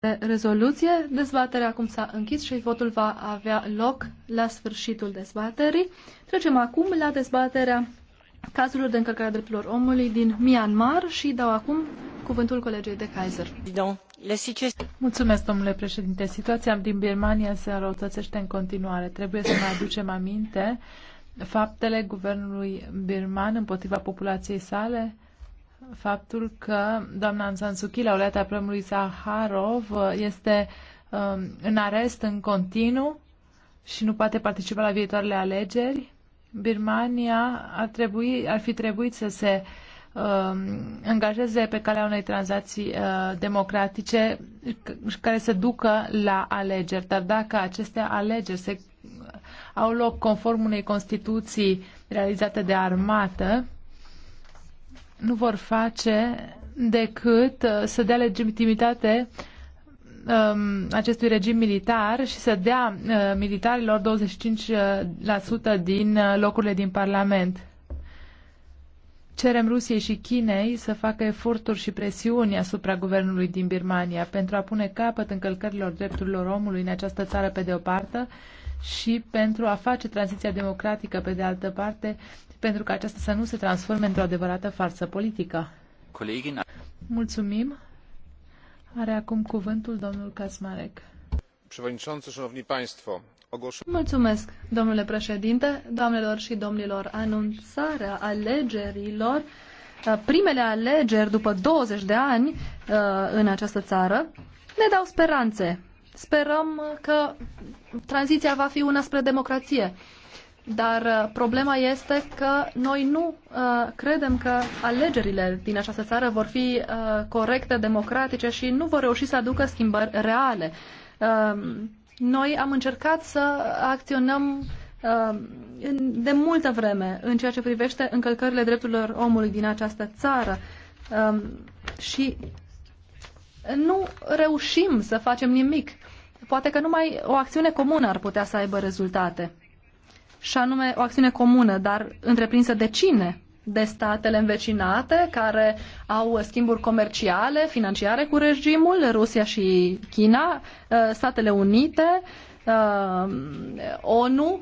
de rezoluție. Dezbaterea acum s-a închis și votul va avea loc la sfârșitul dezbaterii. Trecem acum la dezbaterea cazurilor de încălcare a drepturilor omului din Myanmar și dau acum cuvântul colegei de Kaiser. Mulțumesc, domnule președinte. Situația din Birmania se înrăutățește în continuare. Trebuie să ne aducem aminte faptele guvernului birman împotriva populației sale, faptul că doamna San Suu Kyi, laureata premiului Saharov, este um, în arest în continuu și nu poate participa la viitoarele alegeri. Birmania ar, trebui, ar fi trebuit să se um, angajeze pe calea unei tranzacții uh, democratice care să ducă la alegeri. Dar dacă aceste alegeri se, au loc conform unei constituții realizate de armată, nu vor face decât uh, să dea legitimitate um, acestui regim militar și să dea uh, militarilor 25% din uh, locurile din Parlament. Cerem Rusiei și Chinei să facă eforturi și presiuni asupra guvernului din Birmania pentru a pune capăt încălcărilor drepturilor omului în această țară pe de o parte și pentru a face tranziția democratică pe de altă parte pentru ca aceasta să nu se transforme într-o adevărată farsă politică. Colegina. Mulțumim. Are acum cuvântul domnul Kasmarek. Mulțumesc, domnule președinte, doamnelor și domnilor. Anunțarea alegerilor, primele alegeri după 20 de ani în această țară, ne dau speranțe. Sperăm că tranziția va fi una spre democrație. Dar uh, problema este că noi nu uh, credem că alegerile din această țară vor fi uh, corecte, democratice și nu vor reuși să aducă schimbări reale. Uh, noi am încercat să acționăm um, de multă vreme în ceea ce privește încălcările drepturilor omului din această țară um, și nu reușim să facem nimic. Poate că numai o acțiune comună ar putea să aibă rezultate și anume o acțiune comună, dar întreprinsă de cine? De statele învecinate care au schimburi comerciale, financiare cu regimul, Rusia și China, uh, Statele Unite, uh, ONU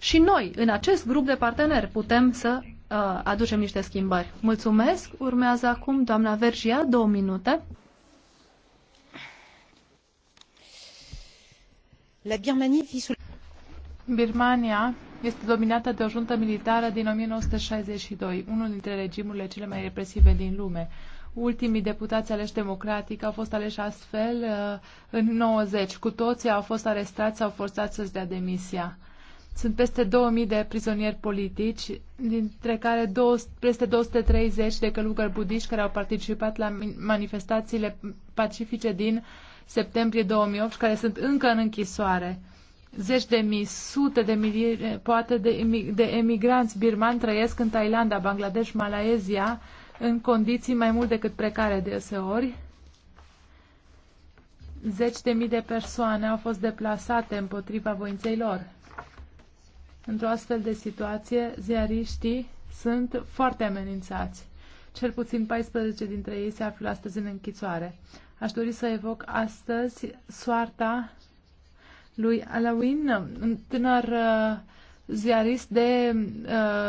și noi, în acest grup de parteneri, putem să uh, aducem niște schimbări. Mulțumesc. Urmează acum doamna Vergia, două minute. La Birmania, Birmania este dominată de o juntă militară din 1962, unul dintre regimurile cele mai represive din lume. Ultimii deputați aleși democratic au fost aleși astfel uh, în 90. Cu toții au fost arestați sau forțați să-și dea demisia. Sunt peste 2000 de prizonieri politici, dintre care 200, peste 230 de călugări budiști care au participat la manifestațiile pacifice din septembrie 2008 care sunt încă în închisoare zeci de mii, sute de mii, poate de, de emigranți birmani trăiesc în Thailanda, Bangladesh, Malaezia, în condiții mai mult decât precare deseori. Zeci de mii de persoane au fost deplasate împotriva voinței lor. Într-o astfel de situație, ziariștii sunt foarte amenințați. Cel puțin 14 dintre ei se află astăzi în închisoare. Aș dori să evoc astăzi soarta lui Alawin, un tânăr uh, ziarist de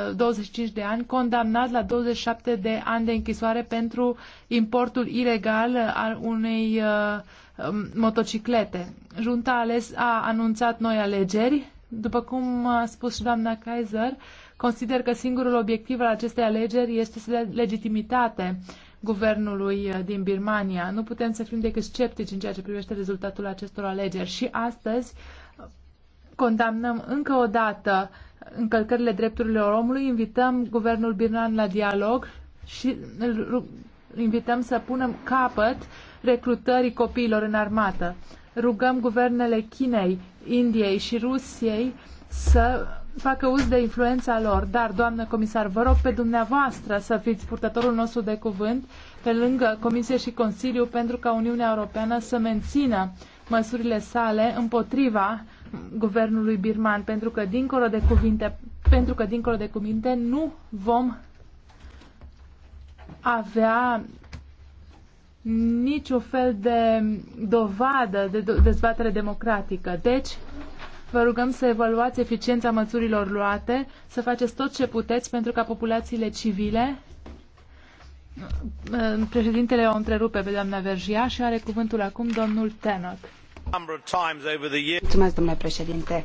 uh, 25 de ani, condamnat la 27 de ani de închisoare pentru importul ilegal uh, al unei uh, um, motociclete. Junta ales a anunțat noi alegeri. După cum a spus și doamna Kaiser, consider că singurul obiectiv al acestei alegeri este să dea legitimitate guvernului uh, din Birmania. Nu putem să fim decât sceptici în ceea ce privește rezultatul acestor alegeri și astăzi uh, condamnăm încă o dată încălcările drepturilor omului, invităm guvernul birman la dialog și îl invităm să punem capăt recrutării copiilor în armată. Rugăm guvernele Chinei, Indiei și Rusiei să facă uz de influența lor. Dar, doamnă comisar, vă rog pe dumneavoastră să fiți purtătorul nostru de cuvânt pe lângă Comisie și Consiliu pentru ca Uniunea Europeană să mențină măsurile sale împotriva guvernului birman, pentru că dincolo de cuvinte, pentru că dincolo de cuvinte nu vom avea niciun fel de dovadă de dezbatere democratică. Deci, Vă rugăm să evaluați eficiența măsurilor luate, să faceți tot ce puteți pentru ca populațiile civile. Uh, președintele o întrerupe pe doamna Vergia și are cuvântul acum domnul Tenoc. Mulțumesc, domnule președinte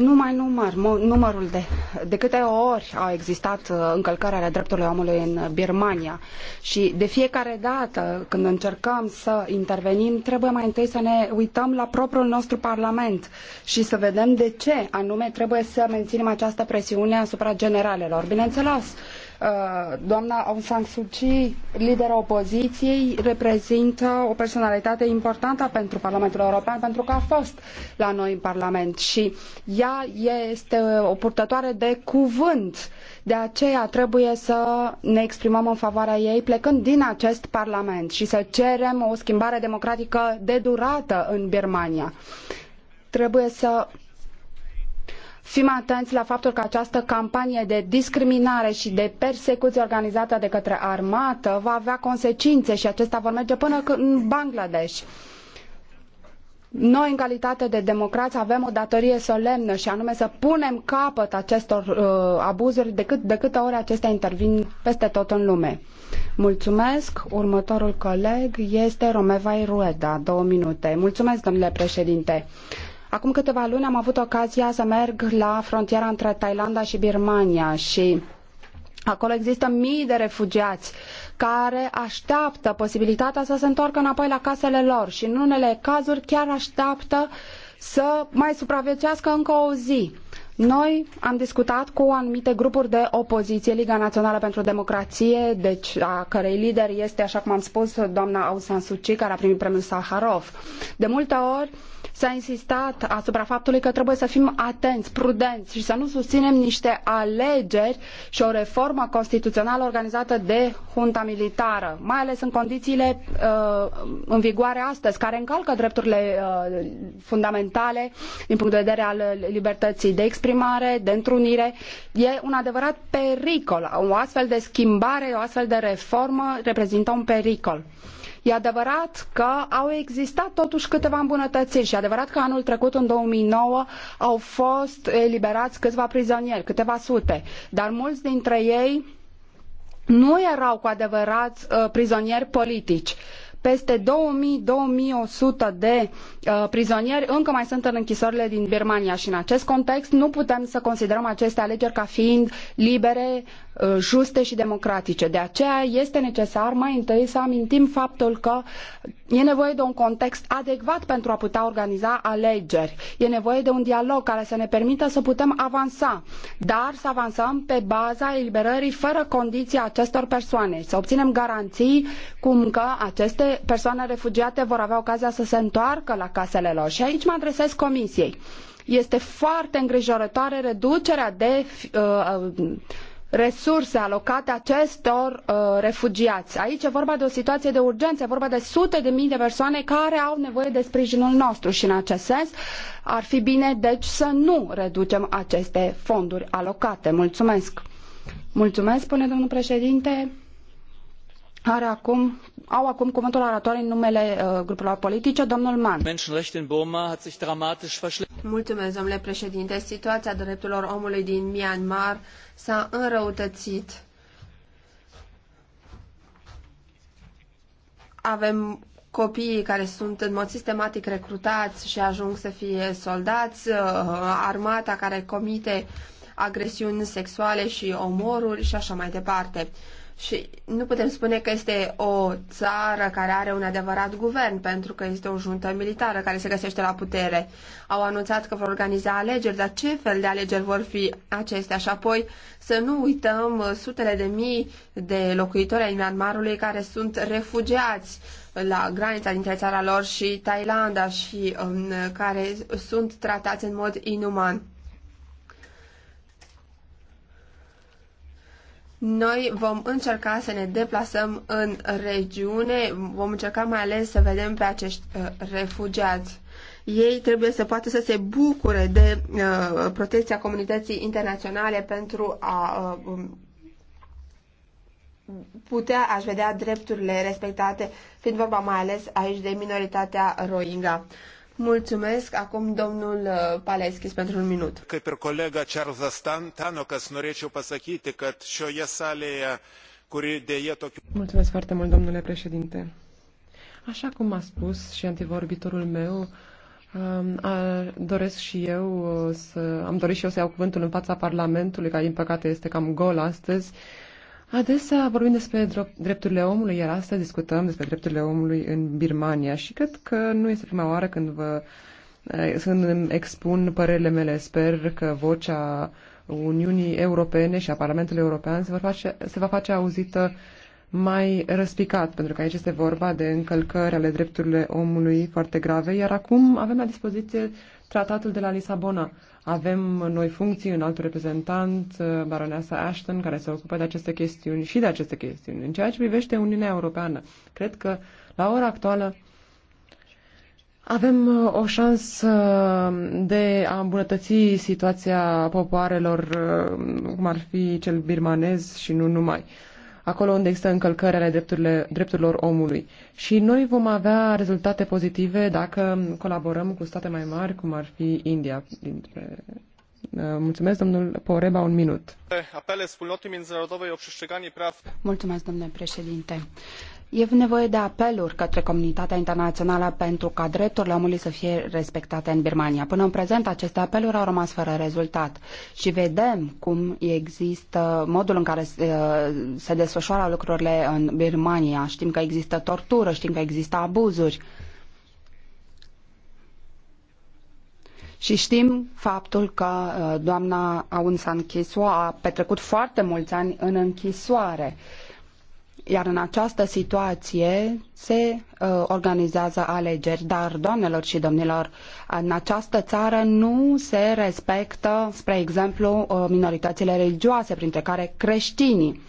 numai număr, numărul de, de câte ori au existat uh, încălcarea ale drepturilor omului în Birmania și de fiecare dată când încercăm să intervenim, trebuie mai întâi să ne uităm la propriul nostru parlament și să vedem de ce anume trebuie să menținem această presiune asupra generalelor. Bineînțeles, Uh, doamna Aung San Suu Kyi, lidera opoziției, reprezintă o personalitate importantă pentru Parlamentul European pentru că a fost la noi în Parlament și ea este o purtătoare de cuvânt. De aceea trebuie să ne exprimăm în favoarea ei plecând din acest Parlament și să cerem o schimbare democratică de durată în Birmania. Trebuie să fim atenți la faptul că această campanie de discriminare și de persecuție organizată de către armată va avea consecințe și acestea vor merge până în Bangladesh. Noi, în calitate de democrați, avem o datorie solemnă și anume să punem capăt acestor uh, abuzuri de, cât, de câte ori acestea intervin peste tot în lume. Mulțumesc. Următorul coleg este Romeva Irueda. Două minute. Mulțumesc, domnule președinte. Acum câteva luni am avut ocazia să merg la frontiera între Thailanda și Birmania și acolo există mii de refugiați care așteaptă posibilitatea să se întoarcă înapoi la casele lor și în unele cazuri chiar așteaptă să mai supraviețuiască încă o zi. Noi am discutat cu anumite grupuri de opoziție, Liga Națională pentru Democrație, deci a cărei lider este, așa cum am spus, doamna Aung San Suu Kyi, care a primit premiul Saharov. De multe ori s-a insistat asupra faptului că trebuie să fim atenți, prudenți și să nu susținem niște alegeri și o reformă constituțională organizată de junta militară, mai ales în condițiile uh, în vigoare astăzi, care încalcă drepturile uh, fundamentale din punct de vedere al libertății de exprimare exprimare, de întrunire. E un adevărat pericol. O astfel de schimbare, o astfel de reformă reprezintă un pericol. E adevărat că au existat totuși câteva îmbunătățiri și e adevărat că anul trecut, în 2009, au fost eliberați câțiva prizonieri, câteva sute, dar mulți dintre ei nu erau cu adevărat uh, prizonieri politici. Peste 2000-2100 de uh, prizonieri încă mai sunt în închisorile din Birmania și în acest context nu putem să considerăm aceste alegeri ca fiind libere, Uh, juste și democratice. De aceea este necesar mai întâi să amintim faptul că e nevoie de un context adecvat pentru a putea organiza alegeri. E nevoie de un dialog care să ne permită să putem avansa, dar să avansăm pe baza eliberării fără condiții a acestor persoane, să obținem garanții cum că aceste persoane refugiate vor avea ocazia să se întoarcă la casele lor. Și aici mă adresez Comisiei. Este foarte îngrijorătoare reducerea de uh, resurse alocate acestor uh, refugiați. Aici e vorba de o situație de urgență, e vorba de sute de mii de persoane care au nevoie de sprijinul nostru și în acest sens ar fi bine deci să nu reducem aceste fonduri alocate. Mulțumesc! Mulțumesc, spune domnul președinte are acum, au acum cuvântul oratorii în numele uh, grupurilor politice, domnul Mann. Mulțumesc, domnule președinte. Situația drepturilor omului din Myanmar s-a înrăutățit. Avem copiii care sunt în mod sistematic recrutați și ajung să fie soldați, uh, armata care comite agresiuni sexuale și omoruri și așa mai departe. Și nu putem spune că este o țară care are un adevărat guvern, pentru că este o juntă militară care se găsește la putere. Au anunțat că vor organiza alegeri, dar ce fel de alegeri vor fi acestea? Și apoi să nu uităm uh, sutele de mii de locuitori ai Myanmarului care sunt refugiați la granița dintre țara lor și Thailanda și um, care sunt tratați în mod inuman. Noi vom încerca să ne deplasăm în regiune, vom încerca mai ales să vedem pe acești uh, refugiați. Ei trebuie să poată să se bucure de uh, protecția comunității internaționale pentru a uh, um, putea, aș vedea drepturile respectate, fiind vorba mai ales aici de minoritatea Rohingya. Mulțumesc. Acum domnul uh, Paleschis pentru un minut. Kaip ir kolega Čarzas Tanokas, norėčiau pasakyti, kad šioje salėje, kuri dėje tokių... Mulțumesc foarte mult, domnule președinte. Așa cum a spus și antivorbitorul meu, um, a, doresc și eu uh, să, am dorit și eu să iau cuvântul în fața Parlamentului, care din păcate este cam gol astăzi, Adesea vorbim despre drepturile omului, iar astăzi discutăm despre drepturile omului în Birmania și cred că nu este prima oară când vă eh, când îmi expun părerile mele. Sper că vocea Uniunii Europene și a Parlamentului European se va face, se va face auzită mai răspicat, pentru că aici este vorba de încălcări ale drepturilor omului foarte grave, iar acum avem la dispoziție tratatul de la Lisabona avem noi funcții, un alt reprezentant, uh, baroneasa Ashton, care se ocupă de aceste chestiuni și de aceste chestiuni. În ceea ce privește Uniunea Europeană, cred că la ora actuală avem uh, o șansă uh, de a îmbunătăți situația popoarelor, cum ar fi cel birmanez și nu numai acolo unde există încălcări ale drepturilor omului. Și noi vom avea rezultate pozitive dacă colaborăm cu state mai mari, cum ar fi India, dintre Uh, mulțumesc, domnul Poreba, un minut. Apele wspólnoty międzynarodowej o przestrzeganie praw... Mulțumesc, domnule președinte. E nevoie de apeluri către comunitatea internațională pentru ca drepturile omului să fie respectate în Birmania. Până în prezent, aceste apeluri au rămas fără rezultat și vedem cum există modul în care se, uh, se desfășoară lucrurile în Birmania. Știm că există tortură, știm că există abuzuri. și știm faptul că uh, doamna Aung San Suu a petrecut foarte mulți ani în închisoare. Iar în această situație se uh, organizează alegeri, dar, doamnelor și domnilor, în această țară nu se respectă, spre exemplu, uh, minoritățile religioase, printre care creștinii.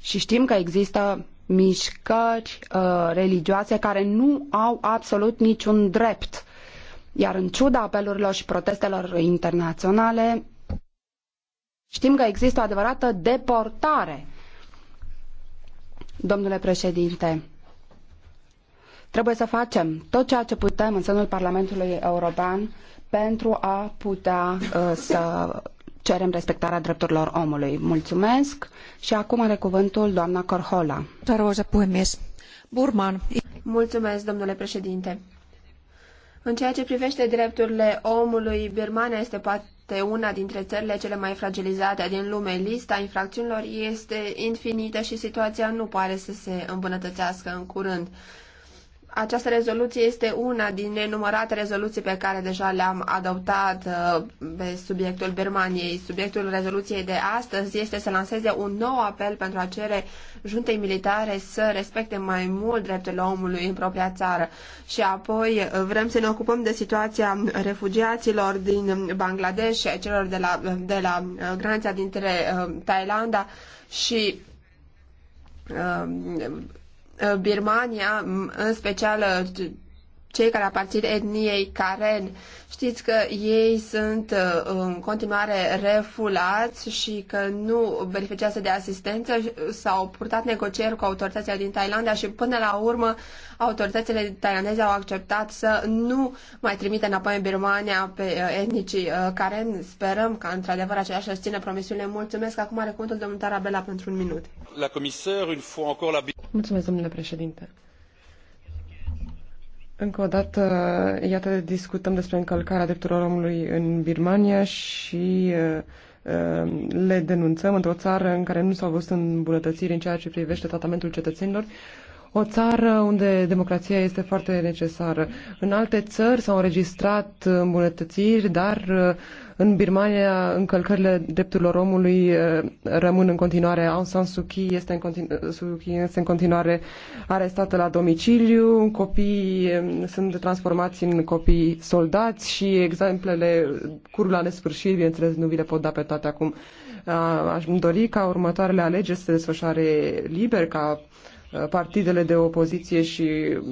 Și știm că există mișcări uh, religioase care nu au absolut niciun drept iar în ciuda apelurilor și protestelor internaționale, știm că există o adevărată deportare. Domnule președinte, trebuie să facem tot ceea ce putem în sânul Parlamentului European pentru a putea uh, să cerem respectarea drepturilor omului. Mulțumesc și acum are cuvântul doamna Corhola. Arvoisa Burman. Mulțumesc, domnule președinte. În ceea ce privește drepturile omului, Birmania este poate una dintre țările cele mai fragilizate din lume. Lista infracțiunilor este infinită și situația nu pare să se îmbunătățească în curând. Această rezoluție este una din nenumărate rezoluții pe care deja le-am adoptat uh, pe subiectul Birmaniei. Subiectul rezoluției de astăzi este să lanseze un nou apel pentru a cere juntei militare să respecte mai mult drepturile omului în propria țară. Și apoi uh, vrem să ne ocupăm de situația refugiaților din Bangladesh și celor de la, de la uh, granița dintre Thailanda și Birmania, în special uh, cei care aparțin etniei Karen. Știți că ei sunt uh, în continuare refulați și că nu beneficiază de asistență. Uh, s-au purtat negocieri cu autoritățile din Thailanda și până la urmă autoritățile thailandeze au acceptat să nu mai trimite înapoi în Birmania pe etnicii Karen. Sperăm că într-adevăr aceeași să țină promisiune. Mulțumesc. Acum are cuvântul domnul Tarabela pentru un minut. La comisar, une fois encore la Mulțumesc, domnule președinte. Încă o dată, iată, discutăm despre încălcarea drepturilor omului în Birmania și uh, uh, le denunțăm într-o țară în care nu s-au văzut îmbunătățiri în ceea ce privește tratamentul cetățenilor. Uh, o țară unde democrația este foarte necesară. În alte țări s-au înregistrat îmbunătățiri, dar în Birmania încălcările drepturilor omului eh, rămân în continuare. Aung San Suu Kyi este în, continu- eh, Suu Kyi este în continuare arestată la domiciliu, copiii eh, sunt transformați în copii soldați și exemplele curul la nesfârșit, bineînțeles, nu vi le pot da pe toate acum. Ah, aș dori ca următoarele alegeri să se desfășoare liber, ca uh, Uh, partidele de opoziție și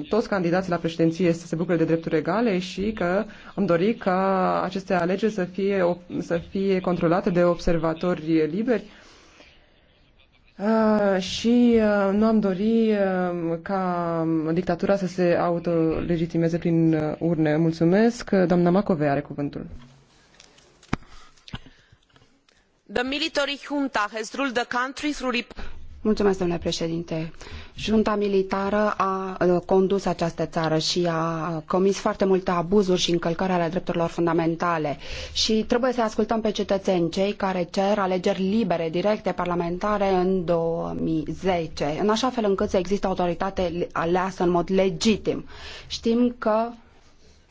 toți candidații la președinție să se bucure de drepturi egale și că am dorit ca aceste alegeri să fie, să fie controlate de observatori liberi. Uh, și uh, nu am dori uh, ca dictatura să se autolegitimeze prin uh, urne. Mulțumesc. Doamna Macove are cuvântul. The military junta has ruled the country through Mulțumesc, domnule președinte. Junta militară a condus această țară și a comis foarte multe abuzuri și încălcări ale drepturilor fundamentale. Și trebuie să ascultăm pe cetățeni, cei care cer alegeri libere, directe, parlamentare în 2010, în așa fel încât să existe autoritate aleasă în mod legitim. Știm că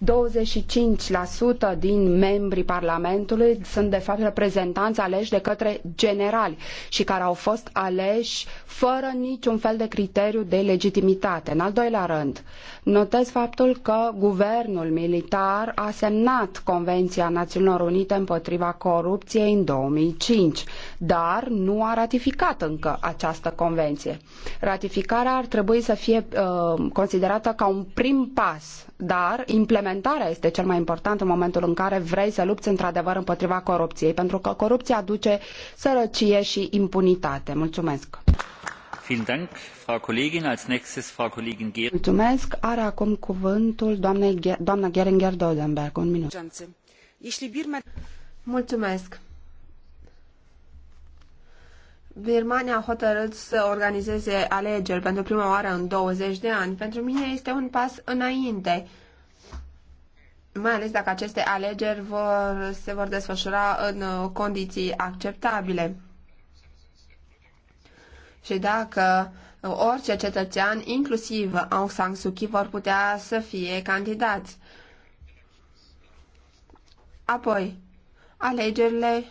25% din membrii Parlamentului sunt de fapt reprezentanți aleși de către generali și care au fost aleși fără niciun fel de criteriu de legitimitate. În al doilea rând, notez faptul că guvernul militar a semnat Convenția Națiunilor Unite împotriva corupției în 2005, dar nu a ratificat încă această convenție. Ratificarea ar trebui să fie uh, considerată ca un prim pas dar implementarea este cel mai important în momentul în care vrei să lupți într-adevăr împotriva corupției, pentru că corupția aduce sărăcie și impunitate. Mulțumesc! Mulțumesc. Are acum cuvântul doamnei, doamna Geringer Dodenberg. Un minut. Mulțumesc. Birmania a hotărât să organizeze alegeri pentru prima oară în 20 de ani. Pentru mine este un pas înainte, mai ales dacă aceste alegeri vor, se vor desfășura în uh, condiții acceptabile. Și dacă uh, orice cetățean, inclusiv Aung San Suu Kyi, vor putea să fie candidați. Apoi, alegerile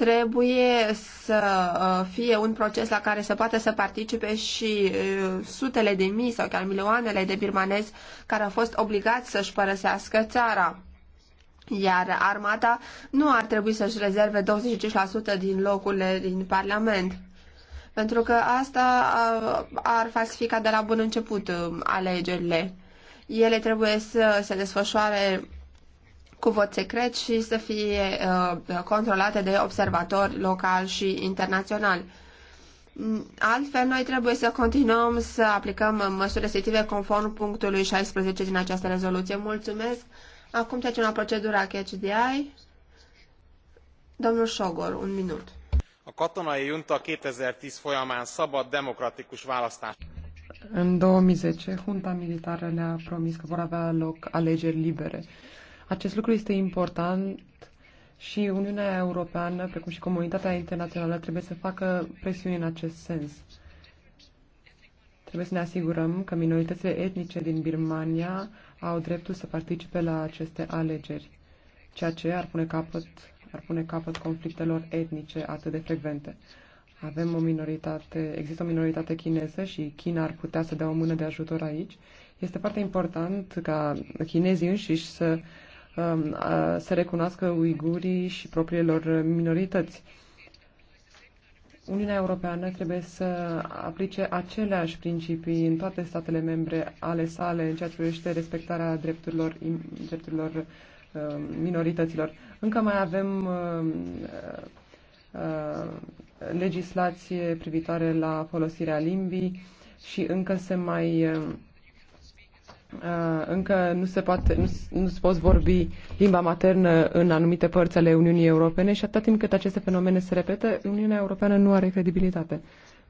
trebuie să uh, fie un proces la care să poată să participe și uh, sutele de mii sau chiar milioanele de birmanezi care au fost obligați să-și părăsească țara. Iar armata nu ar trebui să-și rezerve 25% din locurile din Parlament. Pentru că asta uh, ar falsifica de la bun început alegerile. Ele trebuie să se desfășoare cu vot secret și să fie uh, controlate de observatori locali și internaționali. Mm, altfel, noi trebuie să continuăm să aplicăm măsuri restrictive conform punctului 16 din această rezoluție. Mulțumesc! Acum trecem la procedura catch the eye. Domnul Sogor, un minut. A katonai junta 2010 folyamán szabad, demokratikus választás. În 2010, junta militară ne-a promis că vor avea loc alegeri libere acest lucru este important și Uniunea Europeană, precum și comunitatea internațională, trebuie să facă presiuni în acest sens. Trebuie să ne asigurăm că minoritățile etnice din Birmania au dreptul să participe la aceste alegeri, ceea ce ar pune capăt, ar pune capăt conflictelor etnice atât de frecvente. Avem o minoritate, există o minoritate chineză și China ar putea să dea o mână de ajutor aici. Este foarte important ca chinezii înșiși să Um, să recunoască uigurii și propriilor minorități. Uniunea Europeană trebuie să aplice aceleași principii în toate statele membre ale sale în ceea ce privește respectarea drepturilor, drepturilor um, minorităților. Încă mai avem um, uh, legislație privitoare la folosirea limbii și încă se mai Uh, încă nu se poate, nu, nu se poți vorbi limba maternă în anumite părți ale Uniunii Europene și atâta timp cât aceste fenomene se repetă, Uniunea Europeană nu are credibilitate.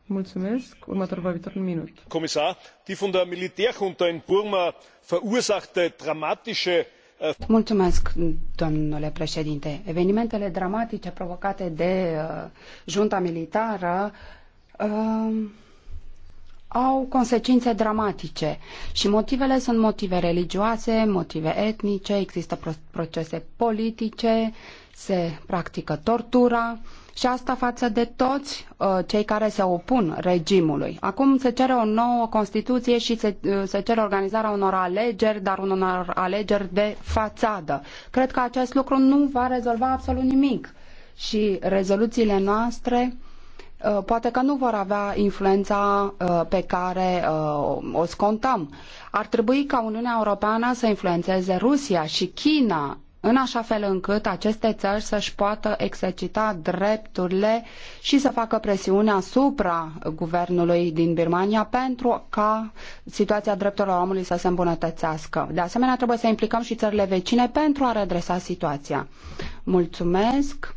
Mulțumesc. Următorul vorbitor, un minut. Comisar, die von der Militärjunta in Burma verursachte dramatische äh, Mulțumesc, domnule președinte. Evenimentele dramatice provocate de uh, junta militară uh, au consecințe dramatice și motivele sunt motive religioase, motive etnice, există procese politice, se practică tortura și asta față de toți uh, cei care se opun regimului. Acum se cere o nouă Constituție și se, uh, se cere organizarea unor alegeri, dar unor alegeri de fațadă. Cred că acest lucru nu va rezolva absolut nimic și rezoluțiile noastre uh, Uh, poate că nu vor avea influența uh, pe care uh, o scontăm. Ar trebui ca Uniunea Europeană să influențeze Rusia și China în așa fel încât aceste țări să-și poată exercita drepturile și să facă presiune asupra guvernului din Birmania pentru ca situația drepturilor omului să se îmbunătățească. De asemenea, trebuie să implicăm și țările vecine pentru a redresa situația. Mulțumesc!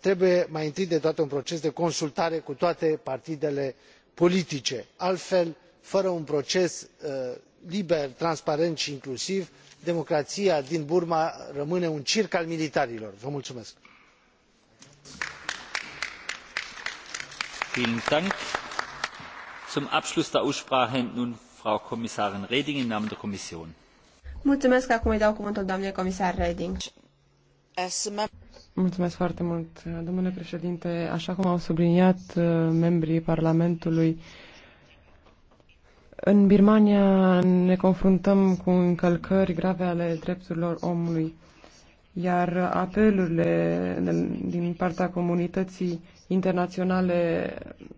trebuie mai întâi de toate un proces de consultare cu toate partidele politice altfel fără un proces uh, liber transparent i incluziv democraia din burma rămâne un circ al militarilor. vă acum dau cuvântul comisar reding. Mulțumesc foarte mult, domnule președinte. Așa cum au subliniat uh, membrii Parlamentului, în Birmania ne confruntăm cu încălcări grave ale drepturilor omului, iar apelurile din partea comunității internaționale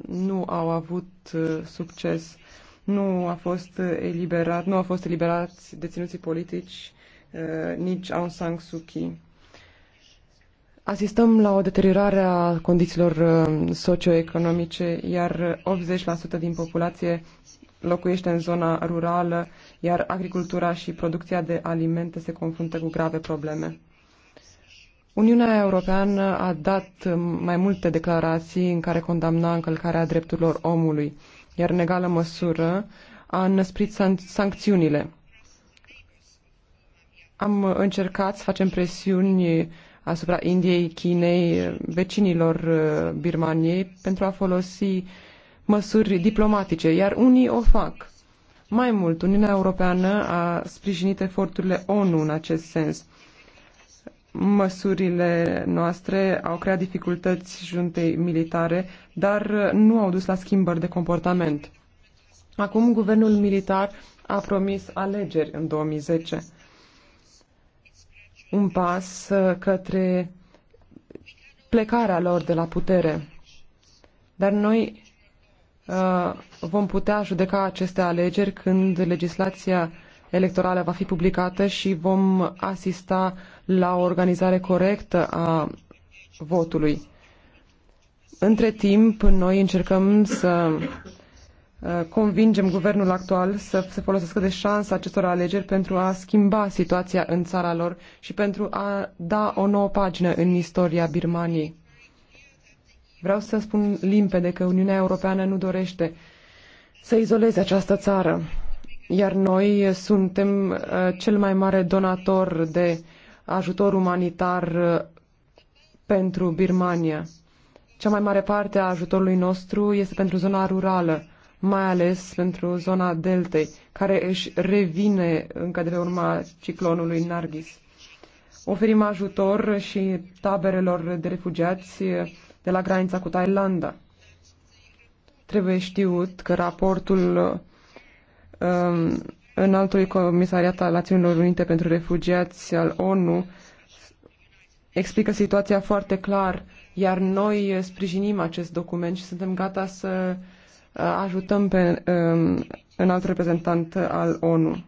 nu au avut uh, succes. Nu a fost eliberat, nu au fost eliberați deținuții politici, uh, nici Aung San Suu Kyi. Asistăm la o deteriorare a condițiilor uh, socioeconomice, iar 80% uh, din populație locuiește în zona rurală, iar agricultura și producția de alimente se confruntă cu grave probleme. Uniunea Europeană a dat um, mai multe declarații în care condamna încălcarea drepturilor omului, iar în egală măsură a năsprit san- sancțiunile. Am încercat să facem presiuni asupra Indiei, Chinei, vecinilor uh, Birmaniei pentru a folosi măsuri diplomatice, iar unii o fac. Mai mult, Uniunea Europeană a sprijinit eforturile ONU în acest sens. Măsurile noastre au creat dificultăți juntei militare, dar uh, nu au dus la schimbări de comportament. Acum, guvernul militar a promis alegeri în 2010 un pas uh, către plecarea lor de la putere. Dar noi uh, vom putea judeca aceste alegeri când legislația electorală va fi publicată și vom asista la o organizare corectă a votului. Între timp, noi încercăm să Uh, convingem guvernul actual să se folosească de șansa acestor alegeri pentru a schimba situația în țara lor și pentru a da o nouă pagină în istoria Birmaniei. Vreau să spun limpede că Uniunea Europeană nu dorește să izoleze această țară, iar noi suntem uh, cel mai mare donator de ajutor umanitar uh, pentru Birmania. Cea mai mare parte a ajutorului nostru este pentru zona rurală mai ales pentru zona deltei, care își revine încă de pe urma ciclonului Nargis. Oferim ajutor și taberelor de refugiați de la granița cu Thailanda. Trebuie știut că raportul um, înaltului comisariat al Națiunilor Unite pentru Refugiați al ONU explică situația foarte clar, iar noi sprijinim acest document și suntem gata să uh, ajutăm pe um, un alt reprezentant al ONU.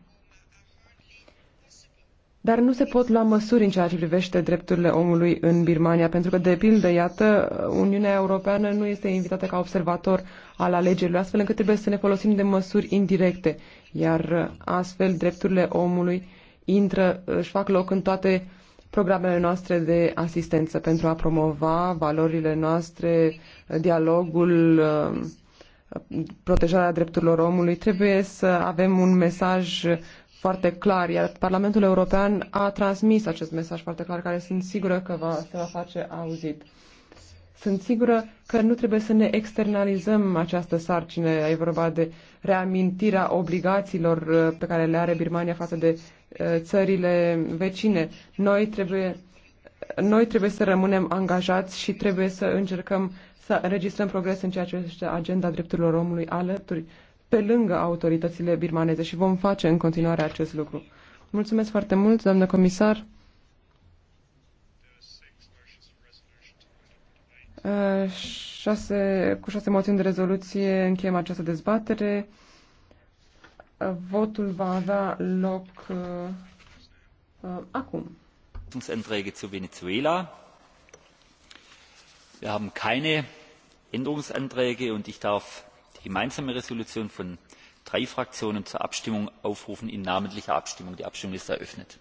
Dar nu se pot lua măsuri în ceea ce privește drepturile omului în Birmania, pentru că, de pildă, iată, Uniunea Europeană nu este invitată ca observator al alegerilor, astfel încât trebuie să ne folosim de măsuri indirecte, iar uh, astfel drepturile omului intră, uh, își fac loc în toate programele noastre de asistență pentru a promova valorile noastre, dialogul, uh, protejarea drepturilor omului, trebuie să avem un mesaj foarte clar, iar Parlamentul European a transmis acest mesaj foarte clar, care sunt sigură că va, se va face auzit. Sunt sigură că nu trebuie să ne externalizăm această sarcină. E vorba de reamintirea obligațiilor uh, pe care le are Birmania față de uh, țările vecine. Noi trebuie, noi trebuie să rămânem angajați și trebuie să încercăm să înregistrăm progres în ceea ce este agenda drepturilor omului alături, pe lângă autoritățile birmaneze și vom face în continuare acest lucru. Mulțumesc foarte mult, doamnă comisar. Uh, șase, cu șase moțiuni de rezoluție încheiem această dezbatere. Uh, votul va avea loc uh, uh acum. Änderungsanträge zu Venezuela wir haben keine änderungsanträge und ich darf die gemeinsame entschließung von drei fraktionen zur abstimmung aufrufen in namentlicher abstimmung. die abstimmung ist eröffnet.